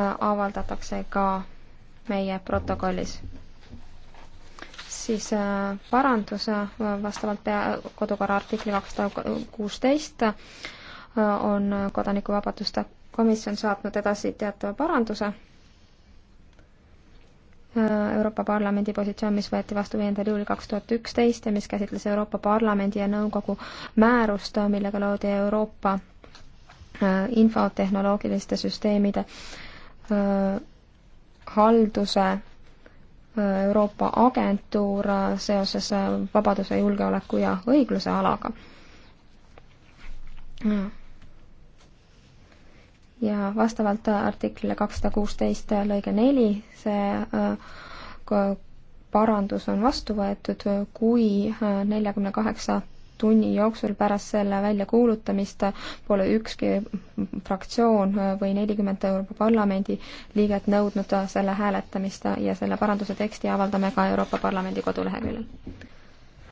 Äh, avaldatakse ka meie protokollis. siis äh, parandus äh, vastavalt kodukorra artikli kakssada kuusteist on kodanikuvabaduste komisjon saatnud edasi teatava paranduse. Euroopa Parlamendi positsioon, mis võeti vastu viiendal juulil kaks tuhat üksteist ja mis käsitles Euroopa Parlamendi ja Nõukogu määrust, millega loodi Euroopa infotehnoloogiliste süsteemide äh, Äh, halduse äh, Euroopa agentuur äh, seoses vabaduse, julgeoleku ja õigluse alaga. ja vastavalt artiklile kakssada kuusteist lõige neli see parandus on vastu võetud, kui neljakümne kaheksa tunni jooksul pärast selle väljakuulutamist pole ükski fraktsioon või nelikümmend Euroopa Parlamendi liiget nõudnud selle hääletamist ja selle paranduse teksti avaldame ka Euroopa Parlamendi koduleheküljel.